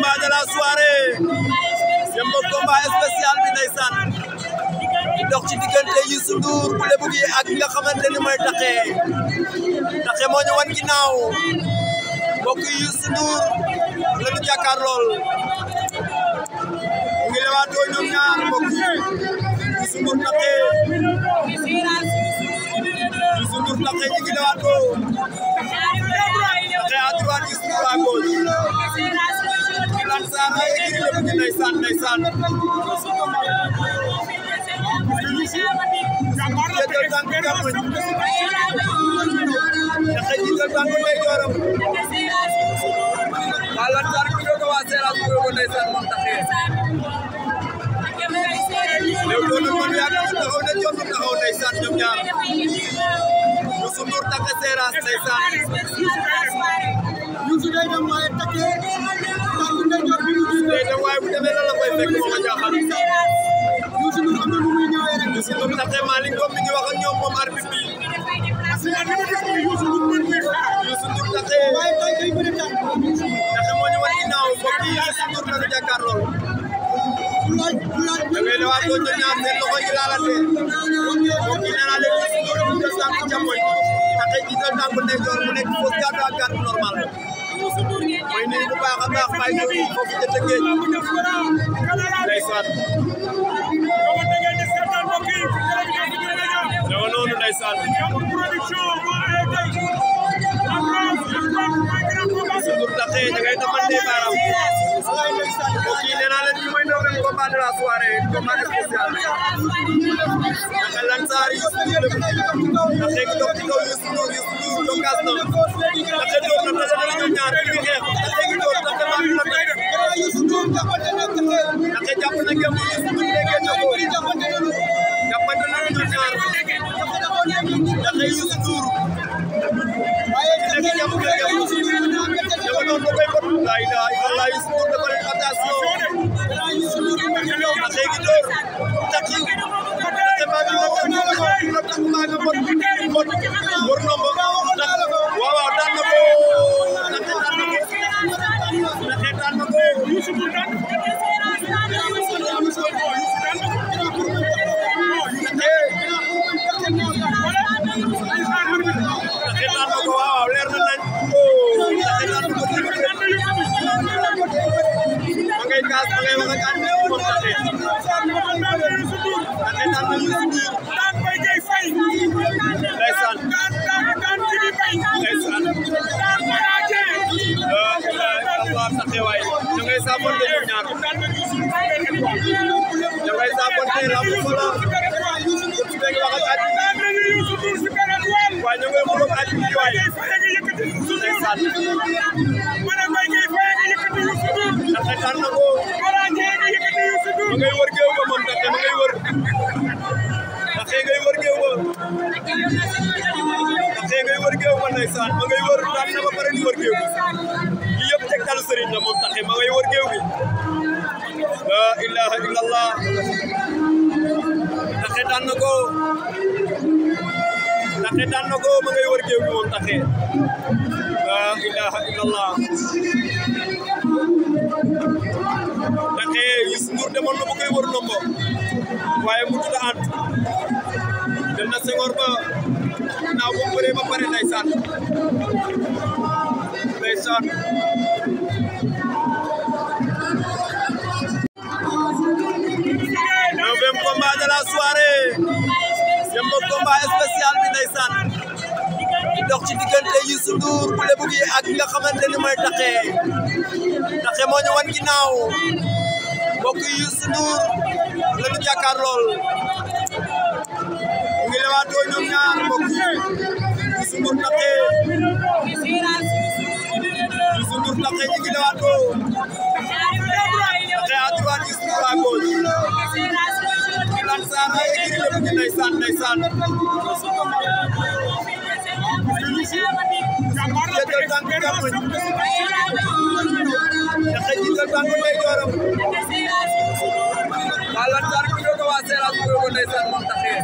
combat de la soirée démb combat spécial bi ndeysaan di dox ci diggante Youssou Ndour bu Lebu gi ak nga xamante ni mooy Taxé Taxé moo ñu wan ginnaaw mbokk yi Youssou Ndour la ñu jàkkaar lool mu ngi lewaatoo ñoom ñaar mbokk yi Youssou Ndour Taxé Youssou Ndour Taxé ñu ngi lewaatoo Taxé à droite Youssou Ndour waaye écrit lépp gi ndeysaan ndeysaan jëkkal tànk càmmoñ dafa jiital tànk ndeyjooram wala tar bi doon waa Seras bu doon ndeysaan moom taxee léegi doon na mën yaa taxaw na jot taxaw ndeysaan ñoom ñaar Youssou Ndour takk Seras ndeysaan Youssou day dem waaye takkee lay dem waaye bu demee lan la koy fekk moo ma jaaxal. Youssou Ndour am na lu muy ñëwee rek. Youssou Ndour ndaxte Malick Ngom mi ngi wax ak ñoom moom arbitre bi. parce que li ma def nii Youssou Ndour mën muy xaar. Youssou Ndour ndaxte. waaye tey day bëri tànk. ndaxte moo ñu wan ginnaaw mbokk yi Youssou Ndour la ñu jàkkaarloo. laaj laaj da ngay dawaat doo jël ñaar seen loxo yi laalante. mbokk yi nee naa leen Youssou Ndour mu jël tànk càmmoñ. ndaxte gisal tànk ndeyjoor mu nekk fausse garde à garde baax a baax Baye Ndiogou foofu ca Tëngéej ndeysaan ñoo noonu ndeysaan Soundour Dakhé da ngay damante baaraam mbokk yi nee naa leen ñu may doon leen combat de la soirée combat spécial naka Lansar Youssou Ndour Dakhé ki toog ci kaw Youssou Ndour Youssou Ndour na ngeen mën a suñu déggee ñoo ko jàppante nañu jàppante nañu ñoom ñaar ndax ay Youssou Ndour waaye ci nekk jàpp nga jàpp Youssou Ndour dafa doon ba koy bot la ilaha illallah Youssou Ndour dafa leen attention Youssou Ndour mu ngi ñëw ndax léegi door takki te maa ngi la ko ñu la ko ñu la takk maa ngi bot Mbaye Gueye Faye nga yëkkati sutur Mara Mbaye Gueye Faye nga yëkkati yu sutur ndaxte tar na ko Mara Ndiaye nga yëkkati yu sutur ma ngay wër géew ba moom ndaxte ma ngay wër ndaxte ngay wër géew ba ndaxte ngay wër géew ba ndeysaan ma ngay wër daan na ba pare di wër géew bi lii yëpp tegtalu sëriñ la moom ndaxte ma ngay wër géew bi la ilaha illallah ndaxte daan na ko taxe daan na ko ma ngay wër géew bi moom taxe la ilaha illallah taxe Youssou Ndour demoon na mu koy wër nombo waaye mu tudd ànd jël na sengoor naa bu bëree dox ci diggante Youssou Ndour bu Lebu ak nga xamante ni mooy Takké Takké moo ñu wan ginnaaw mbokk yi Youssou Ndour la ñu jàkkaar lool mu ngi lewaatoo ñoom ñaar mbokk yi Youssou ngi lewaatoo Takké à droite Youssou Ndour à jiital tànk càmmoñ Jaxate jiital tànk ndeyjooram balantar bi doon waa Seras bu ko ndeysaan moom taxee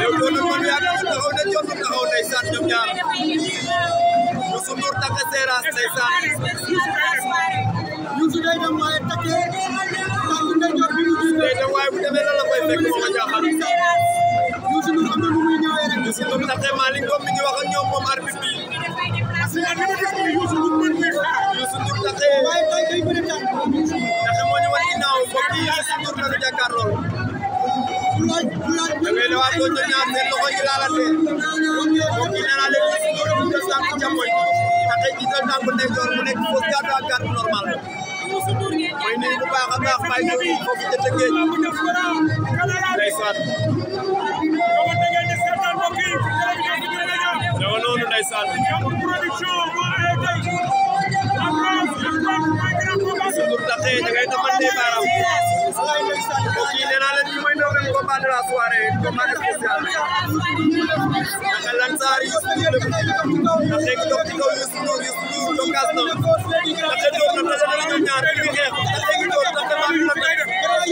léegi loolu moom yaa ngi taxaw ne jot taxaw ndeysaan ñoom ñaar Youssou Ndour takk Seras ndeysaan Youssou day dem waaye takkee tànk ndeyjoor bi mu jiite waaye bu demee la la koy fekk moom arbitre bi parce que ni ma déglu Youssou Ndour mën muy xaar Youssou Ndour taxe waaye waaye day bëri tànk taxe moo ñu war ginnaaw mbokk yi Youssou Ndour la ñu jàkkaarloo da ngay lewaat doo jël ñaar seen loxo yi laalante mbokk yi nee naa leen Youssou Ndour mu jël tànk càmmoñ taxe ji jël tànk ndeyjoor mu nekk fausse garde à garde normal mooy nii bu baax a baax bàyyi foofu jëte géej ndeysaan mbokk yi nee naa leen ñu may doon leen combat de la soirée combat spécial naka Lansar Youssou Ndour la nekk dox ci kaw Youssou Ndour Youssou Ndour jokkaas na naka door na naka la ñu ñaar ñu xeex naka door naka la ñu naka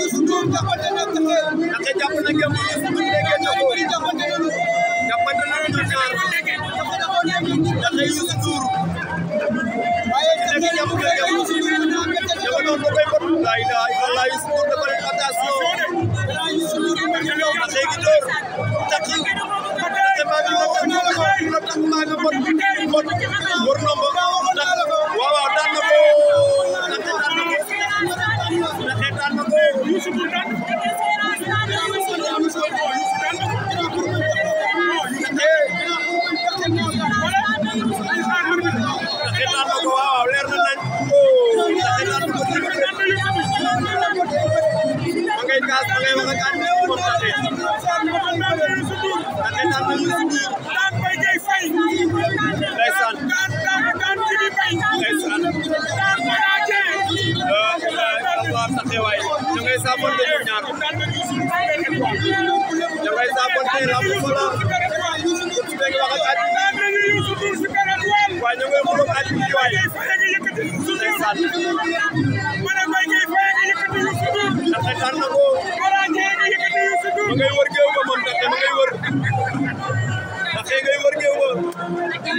Youssou Ndour naka jàpp na képp Youssou Ndour déggee na ko jàppante na ñu ñaar naka Youssou Ndour Mor Mor Mor Mbaye Gueye Faye nga yëkkati su dul Mbaye Gueye Faye nga yëkkati su dul xatar na ko Mara Ndiaye nga yëkkati su dul ma ngay wër géew ba moom ndaxte ma ngay wër ndaxte ngay wër géew ba ndaxte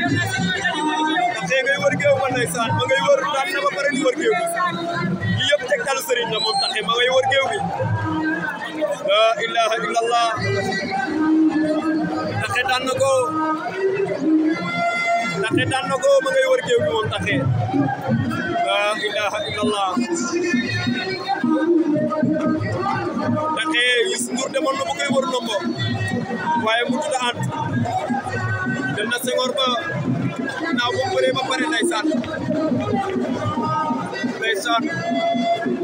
ngay wër géew ba ndeysaan ma ngay wër daan na ba pare di wër géew bi yëpp tegtalu sëriñ la moom ndaxte ma ngay wër géew bi la ilaha illallah ndaxte daan na ko daan na ko ma ngay wër géew bi wër nombo waaye mu tudd ànd jël na Senghor ba ba pare ndeysaan ndeysaan